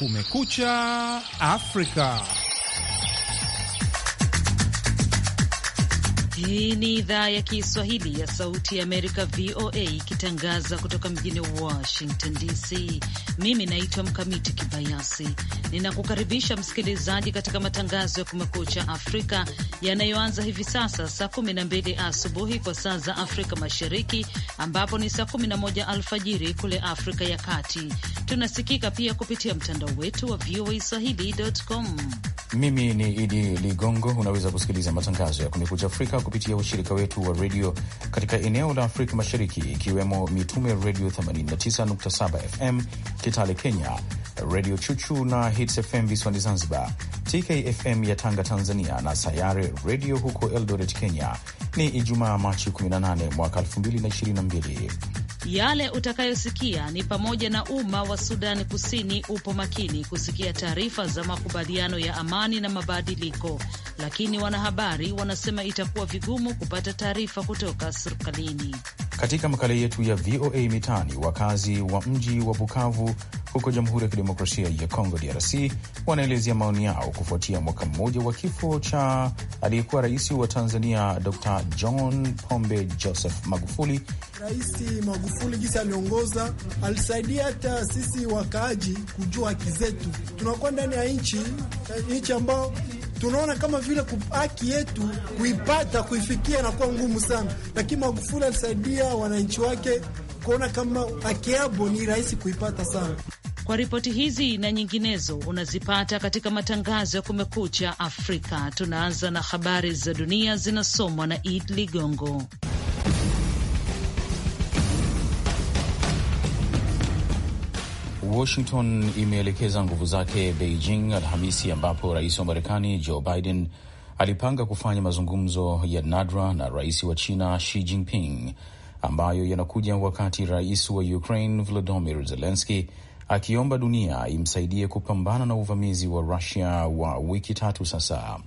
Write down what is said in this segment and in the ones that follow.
Kumekucha Afrika. Hii ni idhaa ya Kiswahili ya Sauti ya Amerika, VOA, ikitangaza kutoka mjini Washington DC. Mimi naitwa Mkamiti Kibayasi, ninakukaribisha msikilizaji katika matangazo ya Kumekucha Afrika yanayoanza hivi sasa saa 12 asubuhi kwa saa za Afrika Mashariki, ambapo ni saa 11 alfajiri kule Afrika ya Kati. Tunasikika pia kupitia mtandao wetu wa voa swahili.com. Mimi ni Idi Ligongo. Unaweza kusikiliza matangazo ya Kumekucha Afrika kupitia ushirika wetu wa redio katika eneo la Afrika Mashariki, ikiwemo Mitume Redio 89.7 FM Kitale Kenya, Redio Chuchu na Hits FM visiwani Zanzibar, TKFM ya Tanga Tanzania, na Sayare Redio huko Eldoret Kenya. Ni Ijumaa, Machi 18 mwaka 2022. Yale utakayosikia ni pamoja na umma wa Sudani Kusini upo makini kusikia taarifa za makubaliano ya amani na mabadiliko, lakini wanahabari wanasema itakuwa vigumu kupata taarifa kutoka serikalini. Katika makala yetu ya VOA Mitaani, wakazi wa mji wa Bukavu huko Jamhuri ya Kidemokrasia ya Kongo, DRC, wanaelezea maoni yao kufuatia mwaka mmoja wa kifo cha aliyekuwa rais wa Tanzania Dr John Pombe Joseph Magufuli. Rais Magufuli gisi aliongoza, alisaidia hata sisi wakaaji kujua haki zetu. Tunakuwa ndani ya nchi nchi ambao tunaona kama vile haki yetu kuipata kuifikia inakuwa ngumu sana, lakini Magufuli alisaidia wananchi wake kuona kama akiabo ni rahisi kuipata sana. Kwa ripoti hizi na nyinginezo unazipata katika matangazo ya Kumekucha Afrika. Tunaanza na habari za dunia zinasomwa na Id Ligongo. Washington imeelekeza nguvu zake Beijing Alhamisi, ambapo rais wa Marekani Joe Biden alipanga kufanya mazungumzo ya nadra na rais wa China Xi Jinping ambayo yanakuja wakati rais wa Ukraine Volodymyr Zelensky akiomba dunia imsaidie kupambana na uvamizi wa Rusia wa wiki tatu sasa.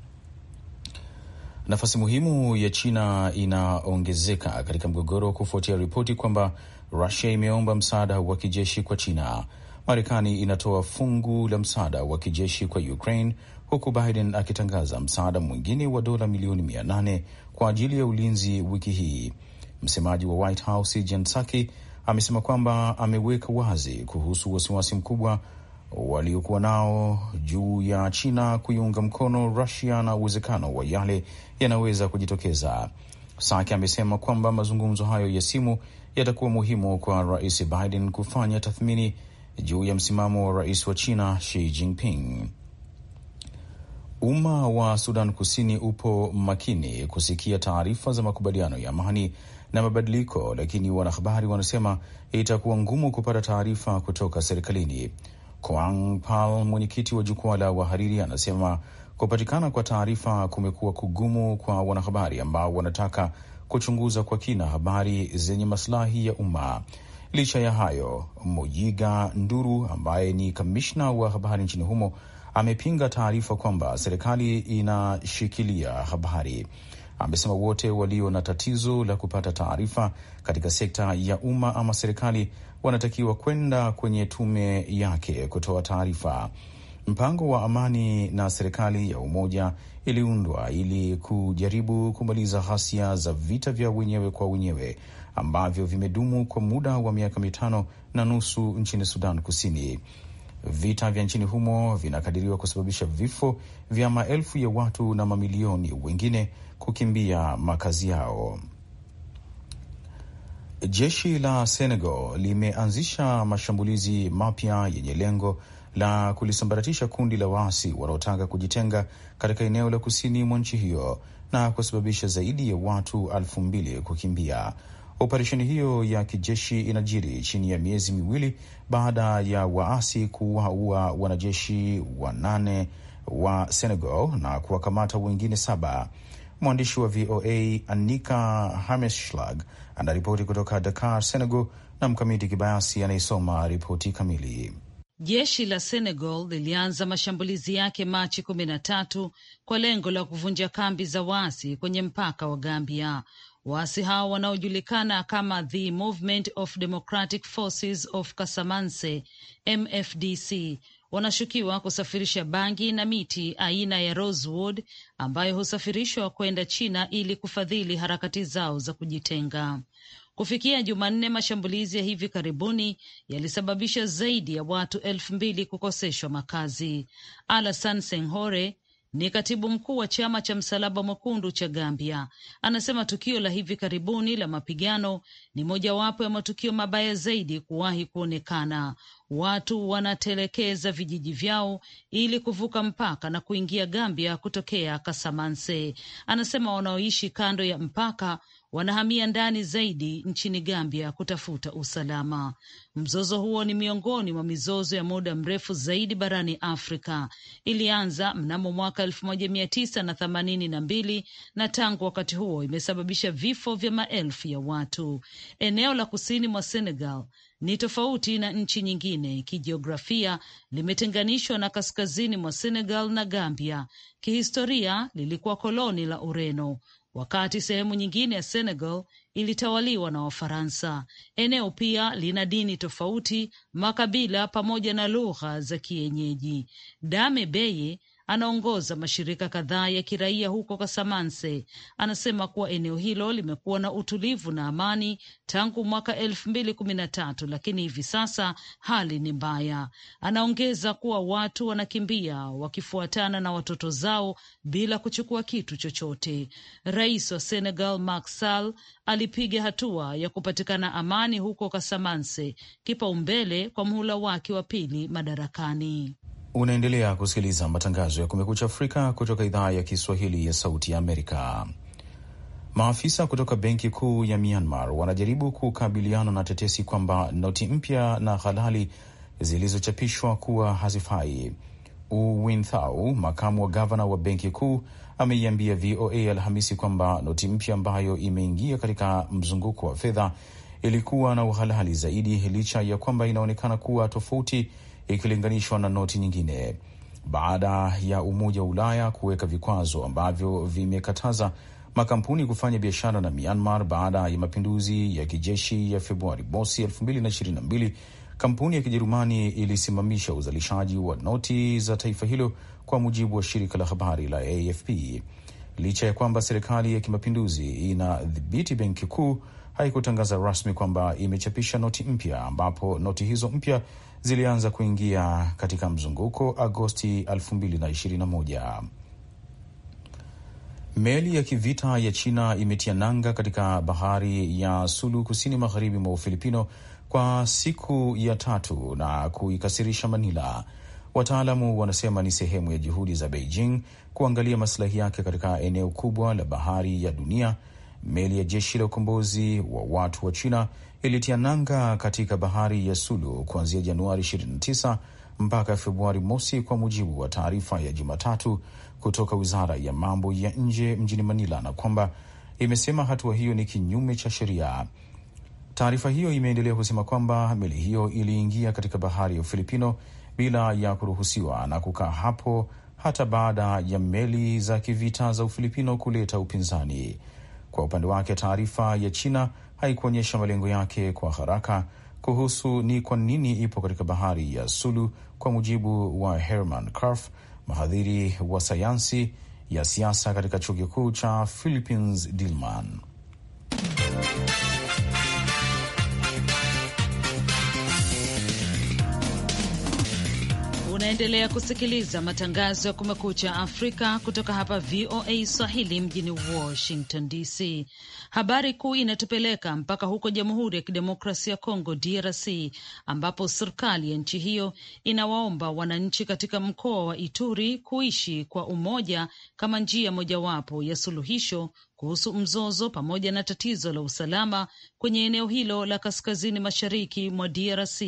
Nafasi muhimu ya China inaongezeka katika mgogoro kufuatia ripoti kwamba Rusia imeomba msaada wa kijeshi kwa China. Marekani inatoa fungu la msaada wa kijeshi kwa Ukraine huku Biden akitangaza msaada mwingine wa dola milioni mia nane kwa ajili ya ulinzi wiki hii. Msemaji wa White House Jen Psaki amesema kwamba ameweka wazi kuhusu wasiwasi mkubwa waliokuwa nao juu ya China kuiunga mkono Rusia na uwezekano wa yale yanaweza kujitokeza. Psaki amesema kwamba mazungumzo hayo ya simu yatakuwa muhimu kwa Rais Biden kufanya tathmini juu ya msimamo wa rais wa China Xi Jinping. Umma wa Sudan Kusini upo makini kusikia taarifa za makubaliano ya amani na mabadiliko, lakini wanahabari wanasema itakuwa ngumu kupata taarifa kutoka serikalini. Koang Pal, mwenyekiti wa jukwaa la wahariri, anasema kupatikana kwa taarifa kumekuwa kugumu kwa wanahabari ambao wanataka kuchunguza kwa kina habari zenye maslahi ya umma. Licha ya hayo, Mujiga Nduru ambaye ni kamishna wa habari nchini humo amepinga taarifa kwamba serikali inashikilia habari amesema wote walio na tatizo la kupata taarifa katika sekta ya umma ama serikali wanatakiwa kwenda kwenye tume yake kutoa taarifa. Mpango wa amani na serikali ya umoja iliundwa ili kujaribu kumaliza ghasia za vita vya wenyewe kwa wenyewe ambavyo vimedumu kwa muda wa miaka mitano na nusu nchini Sudan Kusini. Vita vya nchini humo vinakadiriwa kusababisha vifo vya maelfu ya watu na mamilioni wengine kukimbia makazi yao. Jeshi la Senegal limeanzisha mashambulizi mapya yenye lengo la kulisambaratisha kundi la waasi wanaotaka kujitenga katika eneo la kusini mwa nchi hiyo na kusababisha zaidi ya watu elfu mbili kukimbia. Operesheni hiyo ya kijeshi inajiri chini ya miezi miwili baada ya waasi kuwaua wanajeshi wanane wa Senegal na kuwakamata wengine saba. Mwandishi wa VOA Anika Hamesschlag anaripoti kutoka Dakar, Senegal, na Mkamiti Kibayasi anayesoma ripoti kamili. Jeshi la Senegal lilianza mashambulizi yake Machi kumi na tatu kwa lengo la kuvunja kambi za waasi kwenye mpaka wa Gambia Waasi hao wanaojulikana kama The Movement of Democratic Forces of Kasamanse, MFDC, wanashukiwa kusafirisha bangi na miti aina ya rosewood ambayo husafirishwa kwenda China ili kufadhili harakati zao za kujitenga. Kufikia Jumanne, mashambulizi ya hivi karibuni yalisababisha zaidi ya watu elfu mbili kukoseshwa makazi. Alasan Senghore, ni katibu mkuu wa chama cha Msalaba Mwekundu cha Gambia, anasema tukio la hivi karibuni la mapigano ni mojawapo ya matukio mabaya zaidi kuwahi kuonekana. Watu wanatelekeza vijiji vyao ili kuvuka mpaka na kuingia Gambia kutokea Kasamanse. Anasema wanaoishi kando ya mpaka wanahamia ndani zaidi nchini Gambia kutafuta usalama. Mzozo huo ni miongoni mwa mizozo ya muda mrefu zaidi barani Afrika. Ilianza mnamo mwaka elfu moja mia tisa na themanini na mbili na tangu wakati huo imesababisha vifo vya maelfu ya watu. Eneo la kusini mwa Senegal ni tofauti na nchi nyingine kijiografia, limetenganishwa na kaskazini mwa Senegal na Gambia. Kihistoria lilikuwa koloni la Ureno wakati sehemu nyingine ya Senegal ilitawaliwa na Wafaransa. Eneo pia lina dini tofauti, makabila pamoja na lugha za kienyeji. Dame Beye anaongoza mashirika kadhaa ya kiraia huko Kasamanse, anasema kuwa eneo hilo limekuwa na utulivu na amani tangu mwaka elfu mbili kumi na tatu lakini hivi sasa hali ni mbaya. Anaongeza kuwa watu wanakimbia wakifuatana na watoto zao bila kuchukua kitu chochote. Rais wa Senegal Macky Sall alipiga hatua ya kupatikana amani huko Kasamanse kipaumbele kwa muhula wake wa pili madarakani. Unaendelea kusikiliza matangazo ya Kumekucha Afrika kutoka idhaa ya Kiswahili ya Sauti ya Amerika. Maafisa kutoka benki kuu ya Myanmar wanajaribu kukabiliana na tetesi kwamba noti mpya na halali zilizochapishwa kuwa hazifai. U makamu wa gavana wa benki kuu, ameiambia VOA Alhamisi kwamba noti mpya ambayo imeingia katika mzunguko wa fedha ilikuwa na uhalali zaidi, licha ya kwamba inaonekana kuwa tofauti ikilinganishwa na noti nyingine. Baada ya Umoja wa Ulaya kuweka vikwazo ambavyo vimekataza makampuni kufanya biashara na Myanmar baada ya mapinduzi ya kijeshi ya Februari mosi 2022, kampuni ya Kijerumani ilisimamisha uzalishaji wa noti za taifa hilo, kwa mujibu wa shirika la habari la AFP. Licha ya kwamba serikali ya kimapinduzi inadhibiti benki kuu, haikutangaza rasmi kwamba imechapisha noti mpya, ambapo noti hizo mpya zilianza kuingia katika mzunguko Agosti 2021. Meli ya kivita ya China imetia nanga katika bahari ya Sulu kusini magharibi mwa Ufilipino kwa siku ya tatu na kuikasirisha Manila. Wataalamu wanasema ni sehemu ya juhudi za Beijing kuangalia masilahi yake katika eneo kubwa la bahari ya dunia. Meli ya jeshi la ukombozi wa watu wa China ilitia nanga katika bahari ya Sulu kuanzia Januari 29 mpaka Februari mosi, kwa mujibu wa taarifa ya Jumatatu kutoka wizara ya mambo ya nje mjini Manila, na kwamba imesema hatua hiyo ni kinyume cha sheria. Taarifa hiyo imeendelea kusema kwamba meli hiyo iliingia katika bahari ya Ufilipino bila ya kuruhusiwa na kukaa hapo hata baada ya meli za kivita za Ufilipino kuleta upinzani. Kwa upande wake, taarifa ya China haikuonyesha malengo yake kwa haraka kuhusu ni kwa nini ipo katika bahari ya Sulu. Kwa mujibu wa Herman Karf, mhadhiri wa sayansi ya siasa katika chuo kikuu cha Philippines dilman Unaendelea kusikiliza matangazo ya Kumekucha Afrika kutoka hapa VOA Swahili mjini Washington DC. Habari kuu inatupeleka mpaka huko Jamhuri ya Kidemokrasia ya Kongo, DRC, ambapo serikali ya nchi hiyo inawaomba wananchi katika mkoa wa Ituri kuishi kwa umoja kama njia mojawapo ya suluhisho kuhusu mzozo pamoja na tatizo la usalama kwenye eneo hilo la kaskazini mashariki mwa DRC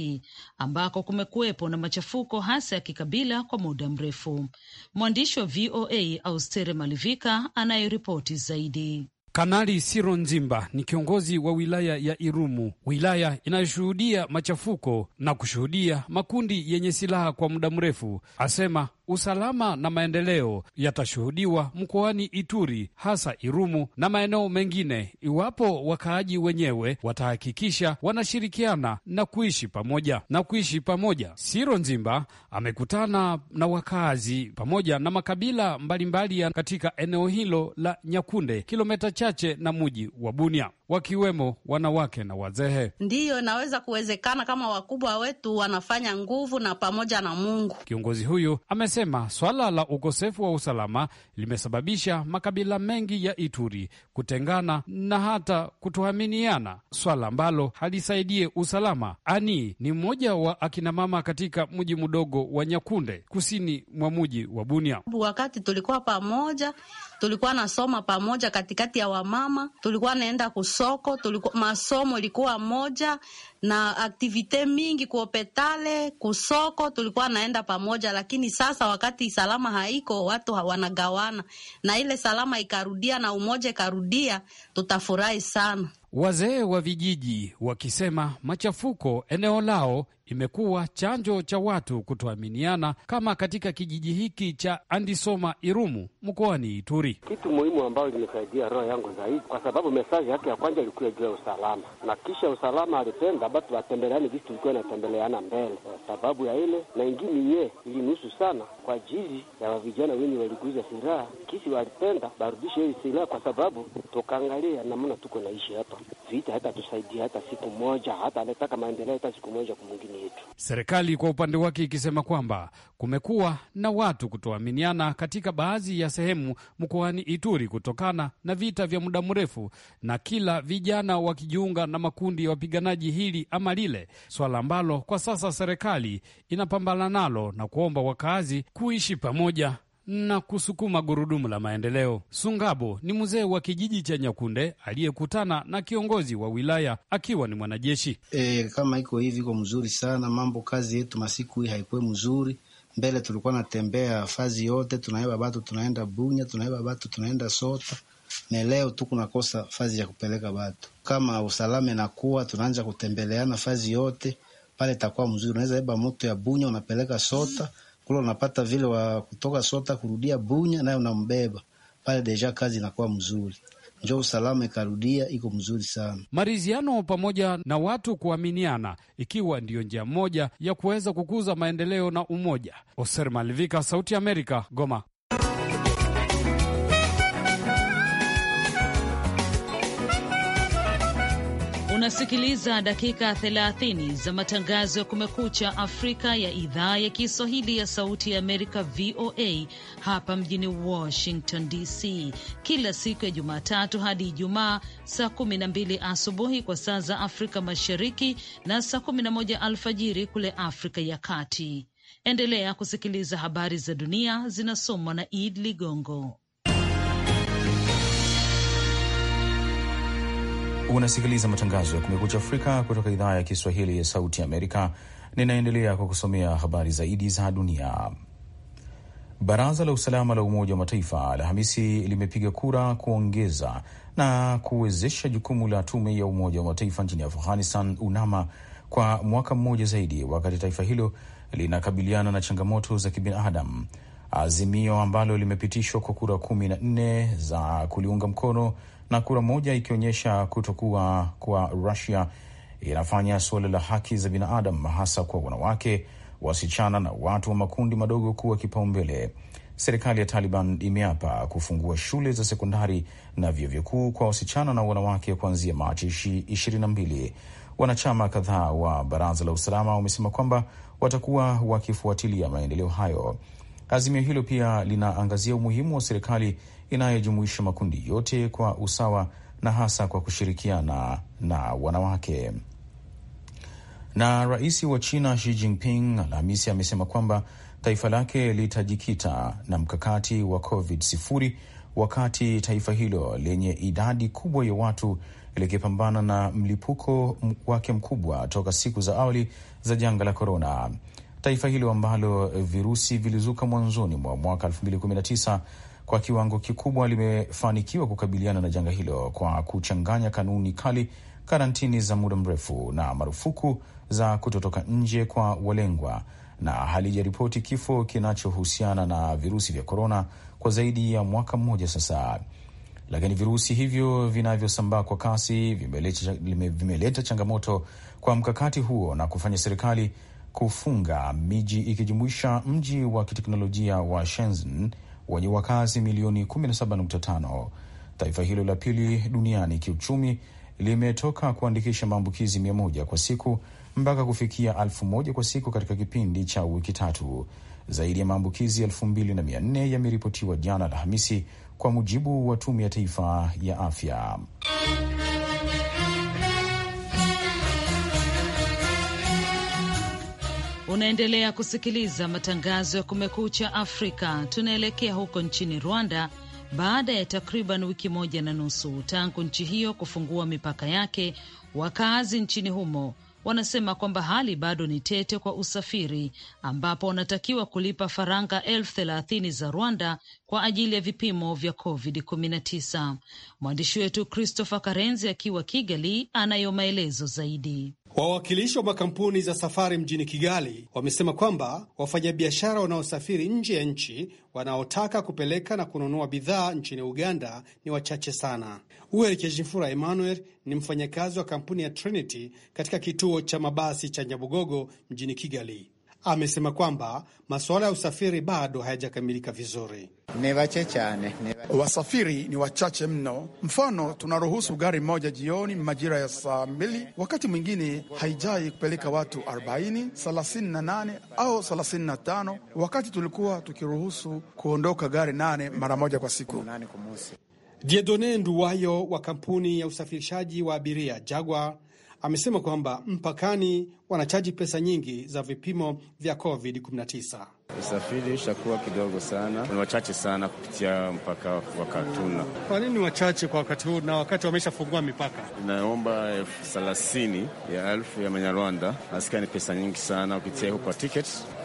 ambako kumekuwepo na machafuko hasa ya kikabila kwa muda mrefu. Mwandishi wa VOA Austere Malivika anayeripoti zaidi. Kanali Siro Nzimba ni kiongozi wa wilaya ya Irumu, wilaya inayoshuhudia machafuko na kushuhudia makundi yenye silaha kwa muda mrefu, asema usalama na maendeleo yatashuhudiwa mkoani Ituri, hasa Irumu na maeneo mengine, iwapo wakaaji wenyewe watahakikisha wanashirikiana na kuishi pamoja na kuishi pamoja. Siro Nzimba amekutana na wakaazi pamoja na makabila mbalimbali mbali katika eneo hilo la Nyakunde, kilomita chache na muji wa Bunia wakiwemo wanawake na wazee. Ndiyo inaweza kuwezekana kama wakubwa wetu wanafanya nguvu na pamoja na Mungu. Kiongozi huyu amesema swala la ukosefu wa usalama limesababisha makabila mengi ya Ituri kutengana na hata kutoaminiana, swala ambalo halisaidie usalama. Ani ni mmoja wa akinamama katika mji mdogo wa Nyakunde, kusini mwa mji wa Bunia. Wakati tulikuwa pamoja, tulikuwa nasoma pamoja katikati ya wamama, tulikuwa naenda kus soko tulikuwa, masomo ilikuwa moja na aktivite mingi kuopetale kusoko tulikuwa naenda pamoja, lakini sasa wakati salama haiko, watu wanagawana, na ile salama ikarudia na umoja ikarudia, tutafurahi sana. Wazee wa vijiji wakisema machafuko eneo lao imekuwa chanjo cha watu kutoaminiana, kama katika kijiji hiki cha Andisoma Irumu mkoani Ituri. Kitu muhimu ambayo limesaidia roho yangu zaidi, kwa sababu mesaji yake ya kwanza ilikuwa juu ya usalama, na kisha usalama alipenda batu watembeleani vitu vilikuwa inatembeleana mbele, kwa sababu ya ile na ingine ye ilinusu sana kwa ajili ya wavijana wenye waliguza silaha, kisi walipenda barudishe hili silaha, kwa sababu tukaangalia namna tuko naishi hapa vita hatatusaidia hata siku moja, hata anataka maendeleo hata siku moja kwa mwingine yetu. Serikali kwa upande wake ikisema kwamba kumekuwa na watu kutoaminiana katika baadhi ya sehemu mkoani Ituri kutokana na vita vya muda mrefu, na kila vijana wakijiunga na makundi ya wapiganaji hili ama lile, swala ambalo kwa sasa serikali inapambana nalo na kuomba wakazi kuishi pamoja na kusukuma gurudumu la maendeleo. Sungabo ni mzee wa kijiji cha Nyakunde aliyekutana na kiongozi wa wilaya akiwa ni mwanajeshi. E, kama iko hivi iko mzuri sana mambo. Kazi yetu masiku hii haikuwe mzuri mbele, tulikuwa natembea fazi yote, tunaeba batu tunaenda Bunya, tunaeba batu tunaenda Sota na leo tu fazi ya kupeleka batu. Kama usalama nakuwa tunaanja kutembeleana fazi yote pale, takuwa mzuri, unaweza eba moto ya Bunya unapeleka Sota kule unapata vile wa kutoka sota kurudia Bunya, naye unambeba pale, deja kazi inakuwa mzuri njo usalama ikarudia iko mzuri sana. Maridhiano pamoja na watu kuaminiana, ikiwa ndiyo njia moja ya kuweza kukuza maendeleo na umoja. Oser Malivika, Sauti ya Amerika, Goma. Unasikiliza dakika 30 za matangazo ya Kumekucha Afrika ya idhaa ya Kiswahili ya Sauti ya Amerika, VOA, hapa mjini Washington DC, kila siku ya Jumatatu hadi Ijumaa saa 12 asubuhi kwa saa za Afrika Mashariki na saa 11 alfajiri kule Afrika ya Kati. Endelea kusikiliza habari za dunia zinasomwa na Id Ligongo. Unasikiliza matangazo ya Kumekucha Afrika kutoka idhaa ya Kiswahili ya Sauti Amerika. Ninaendelea kwa kusomea habari zaidi za dunia. Baraza la Usalama la Umoja wa Mataifa Alhamisi limepiga kura kuongeza na kuwezesha jukumu la tume ya Umoja wa Mataifa nchini Afghanistan, UNAMA, kwa mwaka mmoja zaidi, wakati taifa hilo linakabiliana na changamoto za kibinadamu. Azimio ambalo limepitishwa kwa kura kumi na nne za kuliunga mkono na kura moja ikionyesha kutokuwa kwa Rusia inafanya suala la haki za binadamu hasa kwa wanawake, wasichana na watu wa makundi madogo kuwa kipaumbele. Serikali ya Taliban imeapa kufungua shule za sekondari na vyuo vikuu kwa wasichana na wanawake kuanzia Machi mbili. Wanachama kadhaa wa baraza la usalama wamesema kwamba watakuwa wakifuatilia maendeleo hayo. Azimio hilo pia linaangazia umuhimu wa serikali inayojumuisha makundi yote kwa usawa na hasa kwa kushirikiana na, wanawake. Na rais wa China Xi Jinping Alhamisi amesema kwamba taifa lake litajikita na mkakati wa covid sifuri wakati taifa hilo lenye idadi kubwa ya watu likipambana na mlipuko wake mkubwa toka siku za awali za janga la korona taifa hilo ambalo eh, virusi vilizuka mwanzoni mwa mwaka 2019 kwa kiwango kikubwa limefanikiwa kukabiliana na janga hilo kwa kuchanganya kanuni kali, karantini za muda mrefu na marufuku za kutotoka nje kwa walengwa, na halijaripoti kifo kinachohusiana na virusi vya korona kwa zaidi ya mwaka mmoja sasa. Lakini virusi hivyo vinavyosambaa kwa kasi vimeleta changamoto kwa mkakati huo na kufanya serikali kufunga miji ikijumuisha mji wa kiteknolojia wa Shenzhen wenye wakazi milioni 17.5. Taifa hilo la pili duniani kiuchumi limetoka kuandikisha maambukizi 100 kwa siku mpaka kufikia 1 kwa siku katika kipindi cha wiki tatu. Zaidi ya maambukizi 24 yameripotiwa jana Alhamisi, kwa mujibu wa Tume ya Taifa ya Afya. Unaendelea kusikiliza matangazo ya Kumekucha Afrika. Tunaelekea huko nchini Rwanda baada ya takriban wiki moja na nusu tangu nchi hiyo kufungua mipaka yake. Wakazi nchini humo wanasema kwamba hali bado ni tete kwa usafiri, ambapo wanatakiwa kulipa faranga elfu thelathini za Rwanda kwa ajili ya vipimo vya COVID-19. Mwandishi wetu Christopher Karenzi akiwa Kigali anayo maelezo zaidi. Wawakilishi wa makampuni za safari mjini Kigali wamesema kwamba wafanyabiashara wanaosafiri nje ya nchi wanaotaka kupeleka na kununua bidhaa nchini Uganda ni wachache sana. Uelekejimfura Emmanuel ni mfanyakazi wa kampuni ya Trinity katika kituo cha mabasi cha Nyabugogo mjini Kigali amesema kwamba masuala ya usafiri bado hayajakamilika vizuri. Ni wachache wasafiri ni wachache mno. Mfano, tunaruhusu gari moja jioni majira ya saa mbili, wakati mwingine haijai kupeleka watu 40, 38 au 35, wakati tulikuwa tukiruhusu kuondoka gari nane mara moja kwa siku. Diedone Nduwayo wa kampuni ya usafirishaji wa abiria Jagwa amesema kwamba mpakani wanachaji pesa nyingi za vipimo vya COVID-19. Usafiri ishakuwa kidogo sana, ni wachache sana kupitia mpaka wa Katuna. Kwa nini wachache kwa wakati huu na wakati wameshafungua mipaka? Inaomba elfu thelathini ya elfu ya Manyarwanda, nasikia ni pesa nyingi sana ukitia huko kwa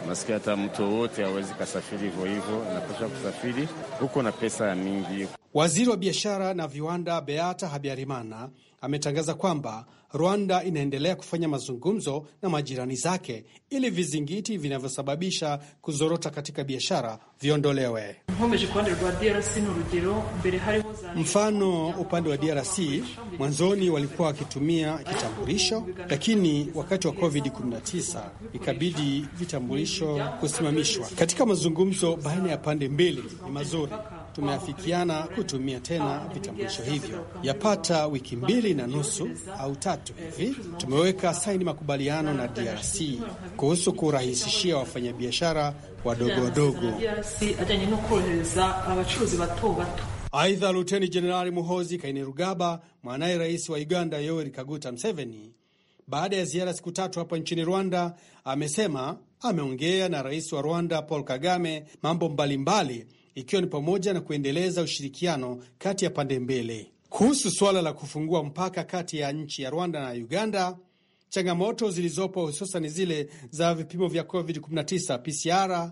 Nasikia hata mtu wowote awezi kasafiri hivyo hivyo, anapasha kusafiri huko na pesa ya mingi. Waziri wa biashara na viwanda Beata Habyarimana ametangaza kwamba Rwanda inaendelea kufanya mazungumzo na majirani zake ili vizingiti vinavyosababisha kuzorota katika biashara viondolewe. Mfano, upande wa DRC mwanzoni walikuwa wakitumia kitambulisho, lakini wakati wa COVID-19 ikabidi vitambulisho kusimamishwa. Katika mazungumzo baina ya pande mbili ni mazuri tumeafikiana kutumia tena vitambulisho hivyo. Yapata wiki mbili na nusu au tatu hivi tumeweka saini makubaliano na DRC kuhusu kurahisishia wafanyabiashara wadogo wadogo. Aidha, Luteni Jenerali Muhozi Kainerugaba, mwanaye rais wa Uganda Yoweri Kaguta Museveni, baada ya ziara siku tatu hapa nchini Rwanda, amesema ameongea na rais wa Rwanda Paul Kagame mambo mbalimbali mbali ikiwa ni pamoja na kuendeleza ushirikiano kati ya pande mbili. Kuhusu suala la kufungua mpaka kati ya nchi ya Rwanda na Uganda, changamoto zilizopo hususan zile za vipimo vya COVID-19 PCR,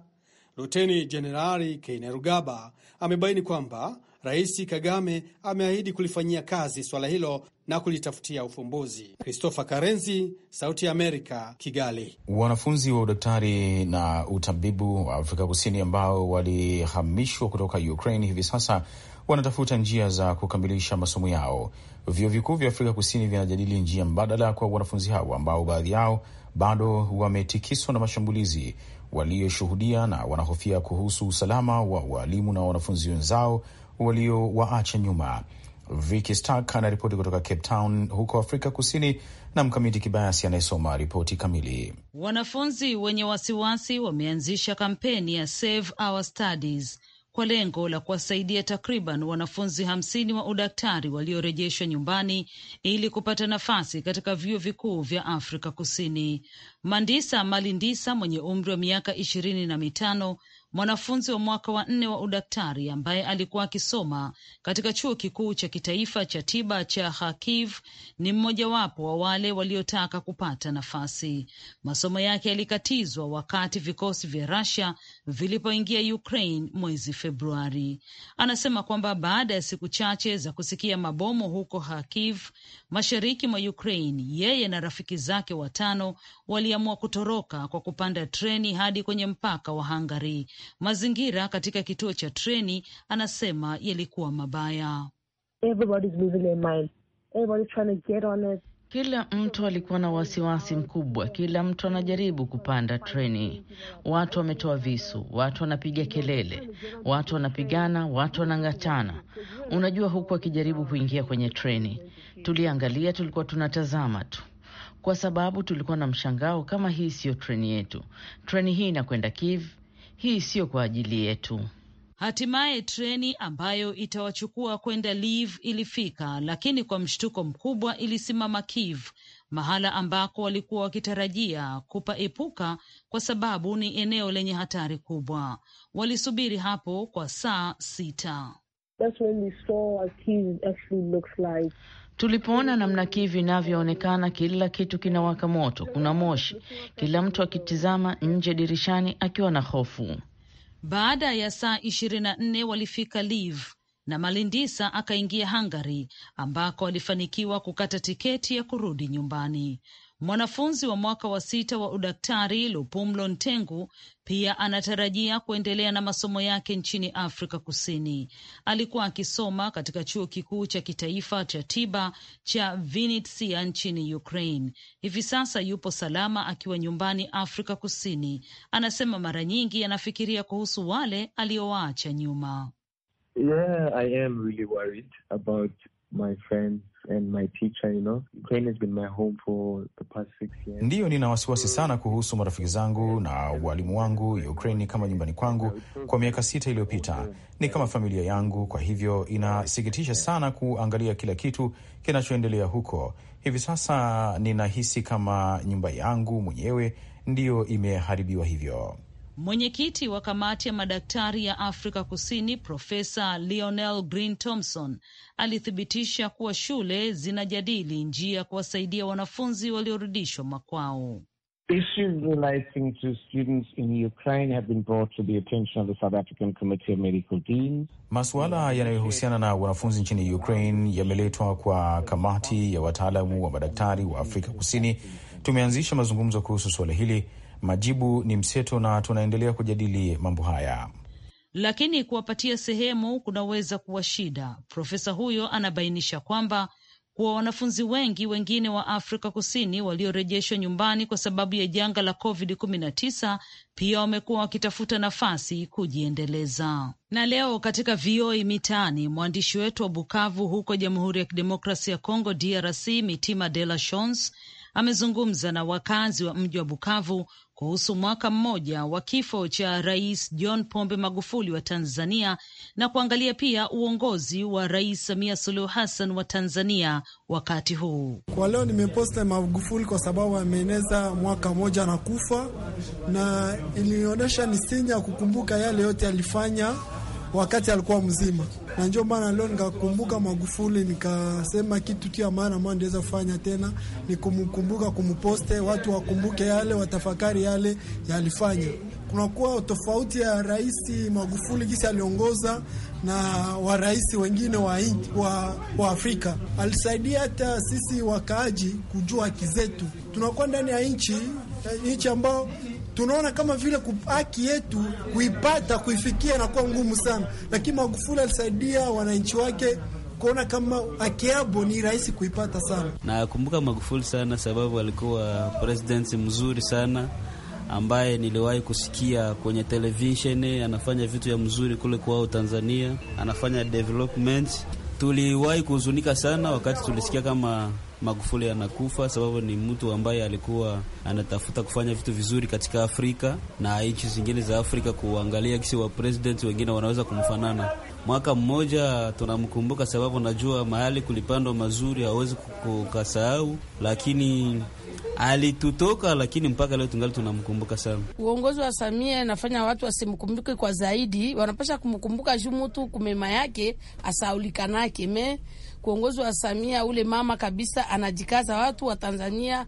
Luteni Jenerali Kainerugaba amebaini kwamba Rais Kagame ameahidi kulifanyia kazi swala hilo na kulitafutia ufumbuzi. Christopher Karenzi, Sauti ya Amerika, Kigali. Wanafunzi wa udaktari na utabibu wa Afrika Kusini ambao walihamishwa kutoka Ukraine hivi sasa wanatafuta njia za kukamilisha masomo yao. Vyuo vikuu vya Afrika Kusini vinajadili njia mbadala kwa wanafunzi hao ambao baadhi yao bado wametikiswa na mashambulizi walioshuhudia na wanahofia kuhusu usalama wa walimu na wanafunzi wenzao waliowaacha nyuma. Vicky Stark anaripoti kutoka Cape Town huko Afrika Kusini, na Mkamiti Kibayasi anayesoma ripoti kamili. Wanafunzi wenye wasiwasi wameanzisha kampeni ya Save Our Studies kwa lengo la kuwasaidia takriban wanafunzi hamsini wa udaktari waliorejeshwa nyumbani ili kupata nafasi katika vyuo vikuu vya Afrika Kusini. Mandisa Malindisa mwenye umri wa miaka ishirini na mitano mwanafunzi wa mwaka wa nne wa udaktari ambaye alikuwa akisoma katika chuo kikuu cha kitaifa cha tiba cha Kharkiv ni mmojawapo wa wale waliotaka kupata nafasi. Masomo yake yalikatizwa wakati vikosi vya Russia vilipoingia Ukraine mwezi Februari. Anasema kwamba baada ya siku chache za kusikia mabomu huko Kharkiv, mashariki mwa Ukraine, yeye na rafiki zake watano waliamua kutoroka kwa kupanda treni hadi kwenye mpaka wa Hungary Mazingira katika kituo cha treni, anasema yalikuwa mabaya. Kila mtu alikuwa na wasiwasi mkubwa, kila mtu anajaribu kupanda treni. Watu wametoa visu, watu wanapiga kelele, watu wanapigana, watu wanang'atana, unajua, huku akijaribu kuingia kwenye treni. Tuliangalia, tulikuwa tunatazama tu kwa sababu tulikuwa na mshangao, kama hii siyo treni yetu. Treni hii inakwenda Kiev, hii siyo kwa ajili yetu. Hatimaye treni ambayo itawachukua kwenda Lviv ilifika, lakini kwa mshtuko mkubwa ilisimama Kiev, mahala ambako walikuwa wakitarajia kupaepuka kwa sababu ni eneo lenye hatari kubwa. Walisubiri hapo kwa saa sita. That's when we saw Kiev actually looks like... Tulipoona namna kivi inavyoonekana, kila kitu kinawaka moto, kuna moshi, kila mtu akitizama nje dirishani akiwa na hofu. Baada ya saa nne walifika Lviv na Malindisa akaingia Hungary ambako alifanikiwa kukata tiketi ya kurudi nyumbani. Mwanafunzi wa mwaka wa sita wa udaktari Lupumlo Ntengu pia anatarajia kuendelea na masomo yake nchini Afrika Kusini. Alikuwa akisoma katika chuo kikuu cha kitaifa cha tiba cha Vinnytsia nchini Ukraine. Hivi sasa yupo salama akiwa nyumbani Afrika Kusini. Anasema mara nyingi anafikiria kuhusu wale aliyowaacha nyuma. Yeah, I am really worried about my friends and my teacher, you know. Ukraine has been my home for the past six years. Ndiyo, nina wasiwasi sana kuhusu marafiki zangu na walimu wangu. Ukraine kama nyumbani kwangu kwa miaka sita iliyopita, ni kama familia yangu. Kwa hivyo inasikitisha sana kuangalia kila kitu kinachoendelea huko hivi sasa. Ninahisi kama nyumba yangu mwenyewe ndiyo imeharibiwa hivyo. Mwenyekiti wa kamati ya madaktari ya Afrika Kusini Profesa Lionel Green Thompson alithibitisha kuwa shule zinajadili njia ya kuwasaidia wanafunzi waliorudishwa makwao. Masuala yanayohusiana na wanafunzi nchini Ukraine yameletwa kwa kamati ya wataalamu wa madaktari wa Afrika Kusini. Tumeanzisha mazungumzo kuhusu suala hili Majibu ni mseto na tunaendelea kujadili mambo haya, lakini kuwapatia sehemu kunaweza kuwa shida. Profesa huyo anabainisha kwamba kuwa wanafunzi wengi wengine wa Afrika Kusini waliorejeshwa nyumbani kwa sababu ya janga la COVID-19 pia wamekuwa wakitafuta nafasi kujiendeleza. Na leo katika VOA Mitaani, mwandishi wetu wa Bukavu huko Jamhuri ya Kidemokrasi ya Kongo, DRC, Mitima De La Shons amezungumza na wakazi wa mji wa Bukavu kuhusu mwaka mmoja wa kifo cha Rais John Pombe Magufuli wa Tanzania na kuangalia pia uongozi wa Rais Samia Suluhu Hassan wa Tanzania wakati huu. Kwa leo nimeposta Magufuli kwa sababu ameeneza mwaka mmoja na kufa, na ilionyesha ni sinya ya kukumbuka yale yote alifanya wakati alikuwa mzima, na ndio maana leo nikakumbuka Magufuli, nikasema kitu tu maana ambayo ndiweza kufanya tena ni kumkumbuka, kumposte, watu wakumbuke yale, watafakari yale yalifanya. Kunakuwa tofauti ya Rais Magufuli jinsi aliongoza na warahisi wengine wa, wa, wa Afrika. Alisaidia hata sisi wakaaji kujua haki zetu. Tunakuwa ndani ya nchi nchi ambao tunaona kama vile haki yetu kuipata kuifikia inakuwa ngumu sana, lakini Magufuli alisaidia wananchi wake kuona kama akiabo ni rahisi kuipata sana. Nakumbuka Magufuli sana, sababu alikuwa presidenti mzuri sana ambaye niliwahi kusikia kwenye televisheni, anafanya vitu ya mzuri kule kwao Tanzania, anafanya development. Tuliwahi kuhuzunika sana wakati tulisikia kama Magufuli anakufa sababu ni mtu ambaye alikuwa anatafuta kufanya vitu vizuri katika Afrika na nchi zingine za Afrika, kuangalia kisi wa president wengine wanaweza kumfanana mwaka mmoja tunamkumbuka, sababu najua mahali kulipandwa mazuri hawezi kukasahau, lakini alitutoka lakini mpaka leo tungali tunamkumbuka sana. Uongozi wa Samia nafanya watu wasimkumbuke kwa zaidi, wanapasha kumkumbuka juu mutu kumema yake asaulikanake. Me kuongozi wa Samia ule mama kabisa anajikaza, watu wa Tanzania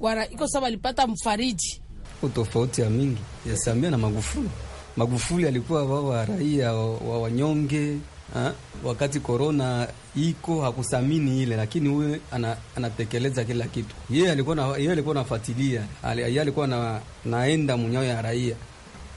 wana iko sawa, alipata mfariji. Utofauti ya mingi ya Samia na Magufuli Magufuli alikuwa wawa raia wa wanyonge ha? Wakati korona iko hakusamini ile, lakini huyo ana, anatekeleza kila kitu. Yeye alikuwa na, yeye alikuwa anafuatilia, yeye alikuwa na, naenda mnyao ya raia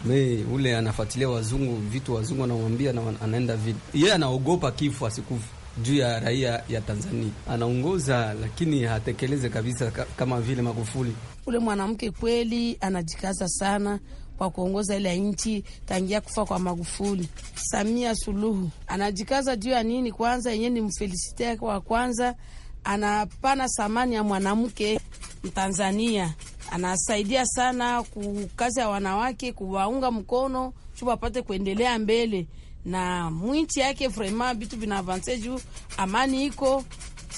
me ule anafuatilia wazungu vitu wazungu anamwambia na anaenda vile. Yeye anaogopa kifo asikufu juu ya raia ya Tanzania. Anaongoza lakini hatekeleze kabisa kama vile Magufuli. Ule mwanamke kweli anajikaza sana kwa kuongoza ile nchi tangia kufa kwa Magufuli. Samia Suluhu anajikaza juu ya nini? Kwanza yenye ni mfelisite wa kwanza, anapana thamani ya mwanamke Mtanzania, anasaidia sana kukazi ya wanawake, kuwaunga mkono chu wapate kuendelea mbele na mwinchi yake vrema vitu vina juu amani iko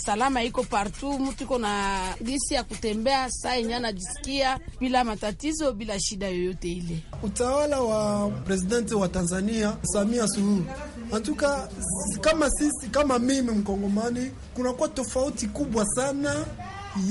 salama iko partout, mtu iko na gisi ya kutembea saa yenye anajisikia bila matatizo, bila shida yoyote ile. Utawala wa presidenti wa Tanzania Samia Suluhu Antuka, kama sisi kama mimi Mkongomani, kunakuwa tofauti kubwa sana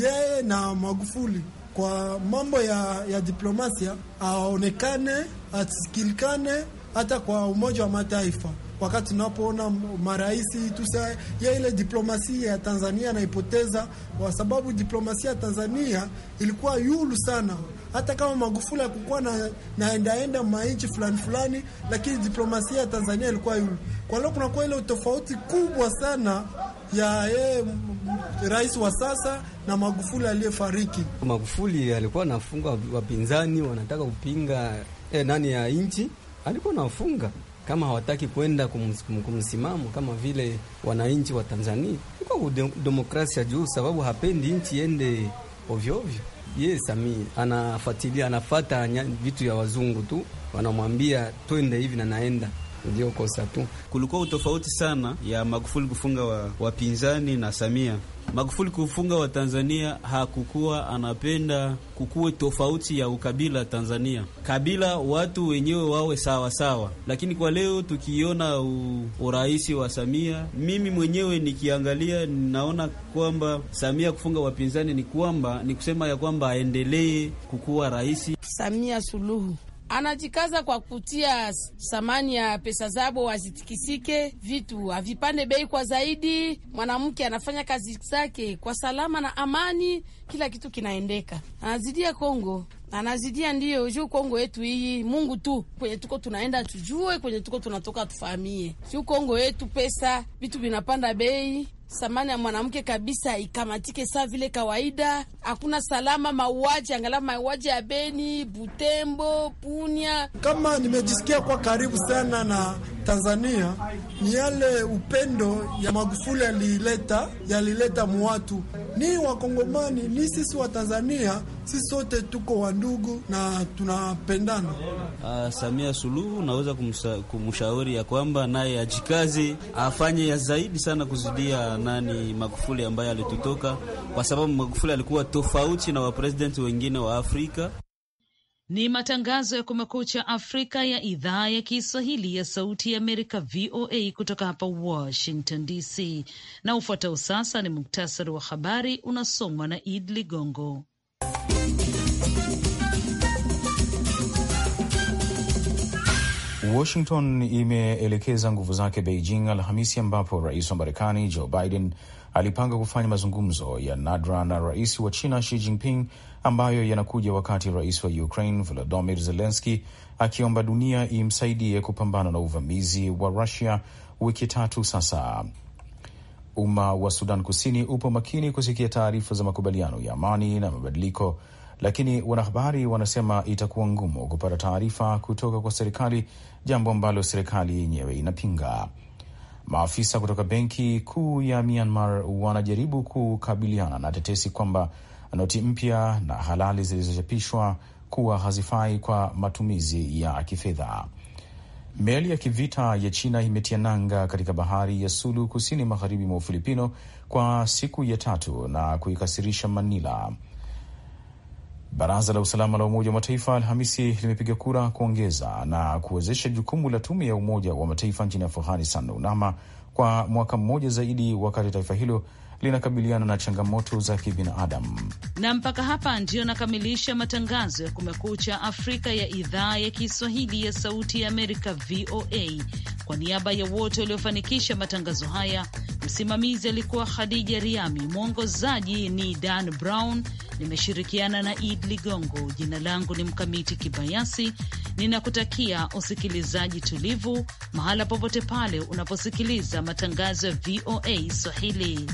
yeye na Magufuli kwa mambo ya, ya diplomasia, aonekane asikilikane hata kwa Umoja wa Mataifa wakati tunapoona marais tusa ya ile diplomasia ya Tanzania anaipoteza, kwa sababu diplomasia ya Tanzania ilikuwa yulu sana. Hata kama Magufuli akukuwa na, naendaenda maichi fulani fulani, lakini diplomasia ya Tanzania ilikuwa yulu. Kwa leo kunakuwa ile tofauti kubwa sana ya eh, rais wa sasa na Magufuli aliyefariki. Magufuli alikuwa anafunga wapinzani wanataka kupinga eh, nani ya nchi alikuwa anafunga kama hawataki kwenda kumsimamo kama vile wananchi wa Tanzania kwa demokrasia juu, sababu hapendi nchi ende ovyoovyo. Ye Samia anafuatilia, anafata vitu ya wazungu tu, wanamwambia twende hivi na naenda ndio kosa tu. Kulikuwa utofauti sana ya Magufuli kufunga wapinzani wa na Samia Magufuli kufunga wa Tanzania hakukuwa anapenda kukuwe tofauti ya ukabila Tanzania, kabila watu wenyewe wawe sawa sawa, lakini kwa leo tukiona urais wa Samia, mimi mwenyewe nikiangalia naona kwamba Samia kufunga wapinzani ni kwamba ni kusema ya kwamba aendelee kukuwa rais Samia Suluhu anajikaza kwa kutia thamani ya pesa zabo wazitikisike, vitu havipande bei kwa zaidi. Mwanamke anafanya kazi zake kwa salama na amani, kila kitu kinaendeka. Anazidia Kongo anazidia ndio juu Kongo yetu hii, Mungu tu kwenye tuko tunaenda tujue, kwenye tuko tunatoka tufahamie. Juu Kongo yetu pesa, vitu vinapanda bei, samani ya mwanamke kabisa ikamatike saa vile kawaida. Hakuna salama, mauaji, angalau mauaji ya Beni, Butembo, Punya. Kama nimejisikia kwa karibu sana na Tanzania ni yale upendo ya Magufuli yalileta yalileta muwatu ni wakongomani ni sisi wa Tanzania, sisi sote tuko wandu ndugu na tunapendana. Uh, Samia Suluhu naweza kumshauri ya kwamba naye ajikazi afanye ya zaidi sana kuzidia nani Magufuli ambaye alitutoka, kwa sababu Magufuli alikuwa tofauti na wapresidenti wengine wa Afrika. Ni matangazo ya Kumekucha Afrika ya idhaa ya Kiswahili ya Sauti ya Amerika, VOA, kutoka hapa Washington DC. Na ufuatao sasa ni muktasari wa habari unasomwa na Id Ligongo. Washington imeelekeza nguvu zake Beijing Alhamisi, ambapo rais wa Marekani Joe Biden alipanga kufanya mazungumzo ya nadra na rais wa China Xi Jinping ambayo yanakuja wakati rais wa Ukraine Volodymyr Zelensky akiomba dunia imsaidie kupambana na uvamizi wa Rusia wiki tatu sasa. Umma wa Sudan Kusini upo makini kusikia taarifa za makubaliano ya amani na mabadiliko lakini wanahabari wanasema itakuwa ngumu kupata taarifa kutoka kwa serikali, jambo ambalo serikali yenyewe inapinga. Maafisa kutoka benki kuu ya Myanmar wanajaribu kukabiliana na tetesi kwamba noti mpya na halali zilizochapishwa kuwa hazifai kwa matumizi ya kifedha. Meli ya kivita ya China imetia nanga katika bahari ya Sulu kusini magharibi mwa Ufilipino kwa siku ya tatu na kuikasirisha Manila. Baraza la usalama la Umoja wa Mataifa Alhamisi limepiga kura kuongeza na kuwezesha jukumu la tume ya Umoja wa Mataifa nchini Afghanistan, UNAMA, kwa mwaka mmoja zaidi, wakati taifa hilo linakabiliana na changamoto za kibinadamu. Na mpaka hapa ndio nakamilisha matangazo ya Kumekucha Afrika ya idhaa ya Kiswahili ya Sauti ya Amerika, VOA. Kwa niaba ya wote waliofanikisha matangazo haya, msimamizi alikuwa Khadija Riami, mwongozaji ni Dan Brown, nimeshirikiana na Id Ligongo. Jina langu ni Mkamiti Kibayasi, ninakutakia usikilizaji tulivu mahala popote pale unaposikiliza matangazo ya VOA Swahili.